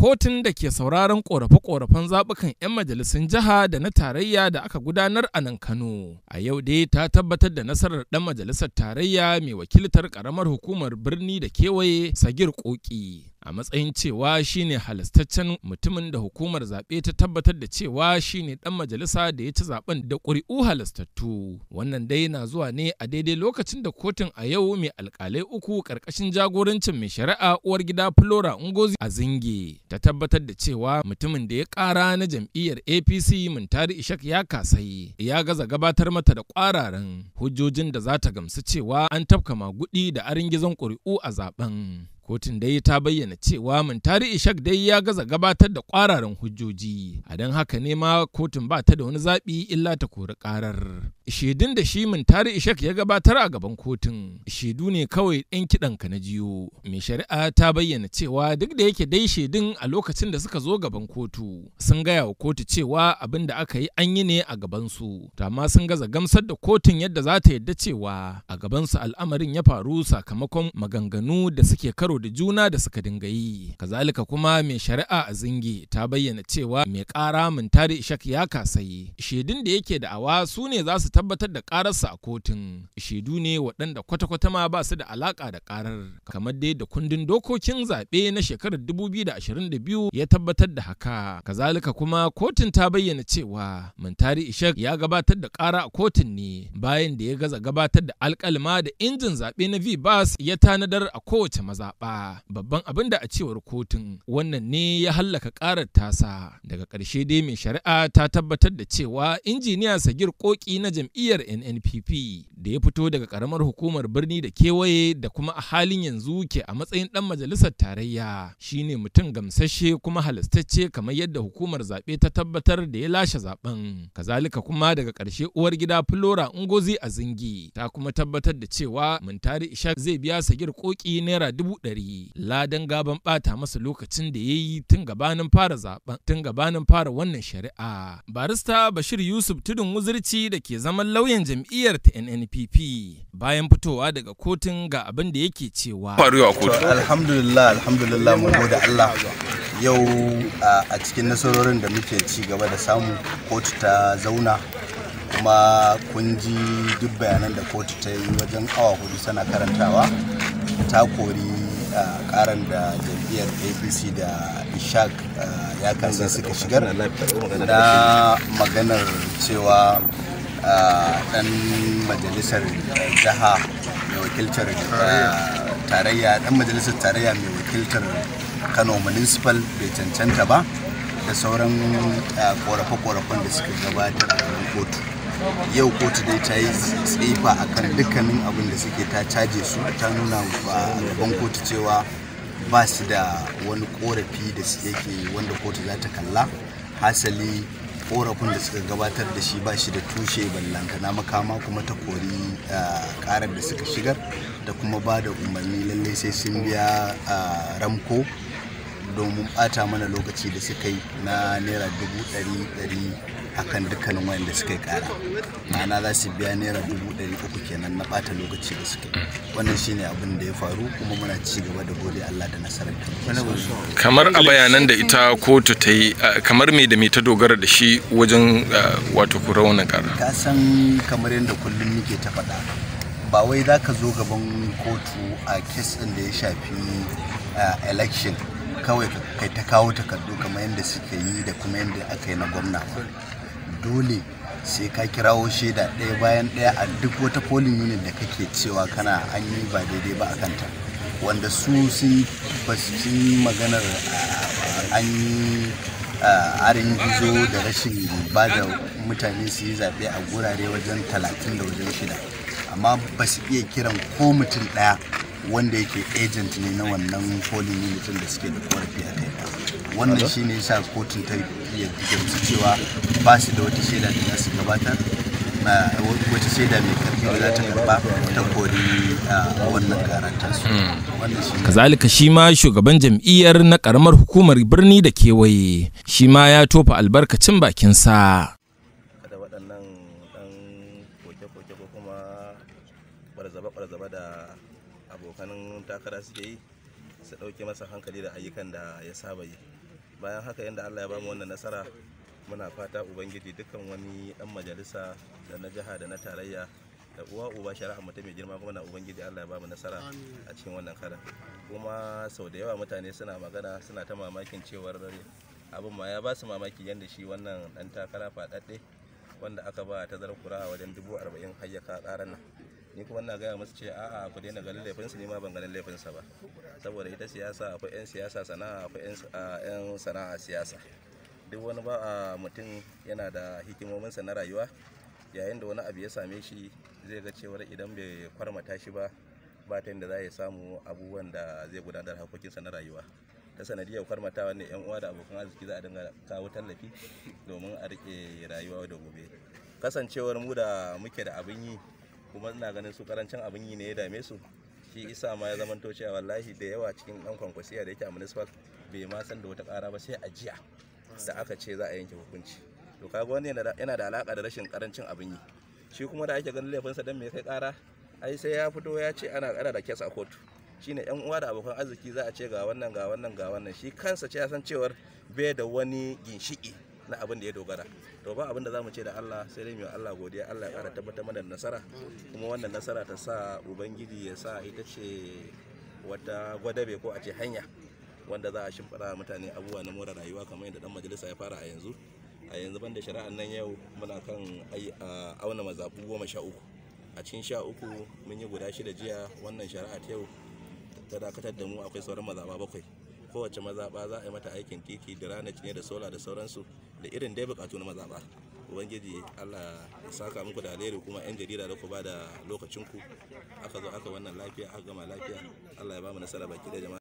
kotun da ke sauraron korafe-korafen zaɓukan 'yan majalisun jiha da na tarayya da aka gudanar a nan Kano. A yau dai ta tabbatar da nasarar ɗan majalisar tarayya mai wakiltar ƙaramar hukumar birni da kewaye Sagir Koki. a matsayin cewa shine halastaccen mutumin da hukumar zaɓe ta tabbatar da cewa shine ɗan majalisa da ya ci zaɓen da ƙuri'u halastattu wannan dai na zuwa ne a daidai lokacin da kotun a yau mai alƙalai uku ƙarƙashin jagorancin mai shari'a uwar gida flora ngozi a zinge ta tabbatar da cewa mutumin da ya ƙara na jam'iyyar apc muntari ishak ya kasai ya gaza gabatar mata da ƙwararen hujjojin da za ta gamsu cewa an tafka maguɗi da arin aringizon ƙuri'u a zaɓen kotun dai ta bayyana cewa muntari ishak dai ya gaza gabatar da kwararan hujjoji a don haka ne ma kotun ba ta da wani zaɓi illa ta kori ƙarar shaidun da shi mintari ishak ya gabatar a gaban kotun shaidu ne kawai ɗan kiɗan ka na jiyo mai shari'a ta bayyana cewa duk da yake dai shaidun a lokacin da suka zo gaban kotu sun gaya wa kotu cewa abin da aka yi an yi ne a gabansu to amma sun gaza gamsar da kotun yadda za ta yadda cewa a gaban su al'amarin ya faru sakamakon maganganu da suke karo da juna da suka dinga yi kazalika kuma mai shari'a a zingi ta bayyana cewa mai ƙara mintari ishak ya kasayi shaidun da yake da awa su ne za su tabbatar da ƙararsa a kotun shaidu ne waɗanda kwata-kwata ma ba su da alaƙa da ƙarar kamar dai da kundin dokokin zaɓe na shekarar 2022 ya tabbatar da haka kazalika kuma kotun ta bayyana cewa mintari ishak ya gabatar da kara a kotun ne bayan da ya gaza gabatar da alƙalma da injin zaɓe na vbas ya tanadar a kowace mazaɓa babban abin da a cewar kotun wannan ne ya hallaka ƙarar tasa daga ƙarshe dai mai shari'a ta tabbatar da cewa injiniya sagir koki na jam' jam'iyyar nnpp da ya fito daga karamar hukumar birni da kewaye da kuma a halin yanzu ke a matsayin dan majalisar tarayya shine mutum gamsashe kuma halastacce kamar yadda hukumar zaɓe ta tabbatar da ya lashe zaben kazalika kuma daga ƙarshe uwar gida flora ngozi a zingi ta kuma tabbatar da cewa muntari isha zai biya sagir koki naira dubu ɗari ladan gaban ɓata masa lokacin da ya yi tun gabanin fara zaben tun gabanin fara wannan shari'a barista bashir yusuf tudun wuzirci da ke zama zaman lauyan jam'iyyar ta NNPP bayan fitowa daga kotun ga abin da yake cewa. Faruwa kotu. Alhamdulillah, alhamdulillah mu gode Allah. Yau a cikin nasarorin da muke ci gaba da samu kotu ta zauna kuma kun ji duk bayanan da kotu ta yi wajen awa hudu sana karantawa ta kori karan da jam'iyyar apc da ishaq ya kansa suka shigar na maganar cewa dan majalisar jiha mai wakiltar eh, tarayya dan majalisar tarayya mai wakiltar kano municipal bai cancanta ba da sauran korafe-korafen eh, da suka gabatar a kotu yau kotu dai ta yi tsifa a kan dukkanin abin da suke ta caje su ta nuna ba gaban kotu cewa ba su da wani korafi da su wanda kotu za ta kalla hasali korafin da suka gabatar da shi ba shi da tushe na makama kuma ta kori karar da suka shigar da kuma ba da umarni lallai sai sun biya ramko domin bata mana lokaci da suka yi na naira dubu ɗari ɗari akan dukkanin wayanda suka yi kara ma'ana za su biya naira dubu ɗari uku kenan na bata lokaci da suka yi wannan shine abin da ya faru kuma muna ci gaba da gode Allah da nasarar ta kamar a bayanan da ita kotu ta yi kamar me da me ta dogara da shi wajen wato kura wannan kara ka san kamar yadda kullum muke ta faɗa ba wai za ka zo gaban kotu a kes da ya shafi election kawai kai ta kawo takardu kamar yadda suka yi da kuma yadda aka yi na gwamna dole sai ka kirawo shaida ɗaya bayan ɗaya a duk wata polling unit da kake cewa kana an yi ba daidai ba a kanta wanda su sun yi maganar ah, an yi ah, arin gizo da rashin ba da mutane su yi zaɓe a gurare wajen talatin da wajen shida amma ba su iya kiran ko mutum ɗaya wanda yake agent ne na wannan polling mutum da suke da korafi a kai wannan shi ne sa kotun ta yarda cewa ba su da wata shaida da su gabatar wata shaida mai karfi da za ta karba ta kori wannan karanta su hmm. kazalika shi ma shugaban jam'iyyar na karamar hukumar birni da kewaye shi ma ya tofa albarkacin bakinsa abokanin takara suke yi su ɗauke masa hankali da ayyukan da ya saba yi bayan haka yadda allah ya bamu wannan nasara muna fata ubangiji dukkan wani ɗan majalisa da na jiha da na tarayya da uwa uba shari'a mutum mai girma kuma na ubangiji Allah ya bamu nasara a cikin wannan karan kuma sau da yawa mutane suna magana suna ta mamakin cewar abin ma ya ba su mamaki yadda shi wannan dan takara fadadde wanda aka ba tazarar kura wajen dubu arba'in hayyaka karan nan ni kuma ina gaya musu ce a'a ku daina ganin laifinsu ni ma ban ganin laifinsa ba saboda ita siyasa akwai 'yan siyasa sana'a akwai 'yan sana'a siyasa duk wani ba a mutum yana da hikimominsa na rayuwa yayin da wani abu ya same shi zai ga cewar idan bai kwarmata shi ba ba ta yadda za ya samu abubuwan da zai gudanar harkokinsa na rayuwa ta sanadiyar kwarmatawa ne yan uwa da abokan arziki za a dinga kawo tallafi domin a rike rayuwa da gobe kasancewar mu da muke da abin yi kuma ina ganin su karancin abin yi ne ya dame su shi isa ma ya zamanto cewa wallahi da yawa cikin dan kwankwasiya da yake a municipal bai ma san da wata kara ba sai a jiya da aka ce za a yanke hukunci to kaga wani yana da alaka da rashin karancin abin yi shi kuma da ake ganin laifinsa dan me kai kara ai sai ya fito ya ce ana kara da kes a kotu shine yan uwa da abokan arziki za a ce ga wannan ga wannan ga wannan shi kansa ce ya san cewar bai da wani ginshiki na abin da ya dogara to ba abin da za mu ce da Allah sai dai mu Allah godiya Allah ya kara tabbatar mana nasara kuma wannan nasara ta sa ubangiji ya sa ita ce wata gwadabe ko a ce hanya wanda za a shimfara mutane abubuwa na more rayuwa kamar yadda dan majalisa ya fara a yanzu a yanzu ban da shari'ar nan yau muna kan auna mazaɓu goma sha uku a cikin sha uku mun yi guda shida jiya wannan shari'a ta yau ta dakatar da mu akwai sauran mazaɓa bakwai kowace mazaɓa za a yi mata aikin titi da rana ne da sola da sauransu da irin dai bukatu na mazaɓa ubangiji allah ya saka muku da alheri kuma yan jarida da ku ba da lokacinku aka zo aka wannan lafiya aka gama lafiya allah ya ba mu nasara baki da jama'a